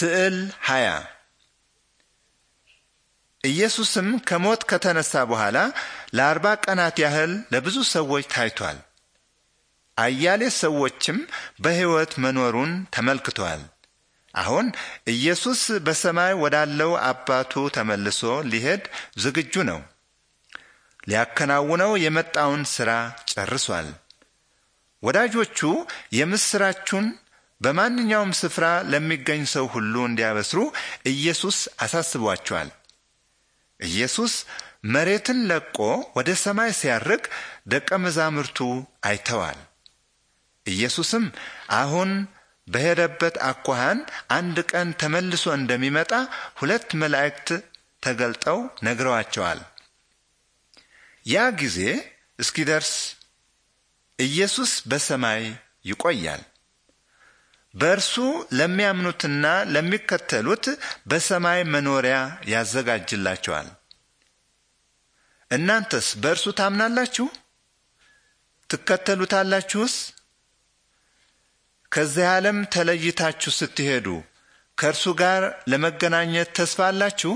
ስዕል 20 ኢየሱስም ከሞት ከተነሳ በኋላ ለአርባ ቀናት ያህል ለብዙ ሰዎች ታይቷል። አያሌ ሰዎችም በሕይወት መኖሩን ተመልክቷል። አሁን ኢየሱስ በሰማይ ወዳለው አባቱ ተመልሶ ሊሄድ ዝግጁ ነው። ሊያከናውነው የመጣውን ሥራ ጨርሷል። ወዳጆቹ የምሥራቹን በማንኛውም ስፍራ ለሚገኝ ሰው ሁሉ እንዲያበስሩ ኢየሱስ አሳስቧቸዋል። ኢየሱስ መሬትን ለቆ ወደ ሰማይ ሲያርግ ደቀ መዛሙርቱ አይተዋል። ኢየሱስም አሁን በሄደበት አኳኋን አንድ ቀን ተመልሶ እንደሚመጣ ሁለት መላእክት ተገልጠው ነግረዋቸዋል። ያ ጊዜ እስኪደርስ ኢየሱስ በሰማይ ይቆያል። በእርሱ ለሚያምኑትና ለሚከተሉት በሰማይ መኖሪያ ያዘጋጅላቸዋል። እናንተስ በእርሱ ታምናላችሁ፣ ትከተሉታላችሁስ? ከዚህ ዓለም ተለይታችሁ ስትሄዱ ከእርሱ ጋር ለመገናኘት ተስፋ አላችሁ?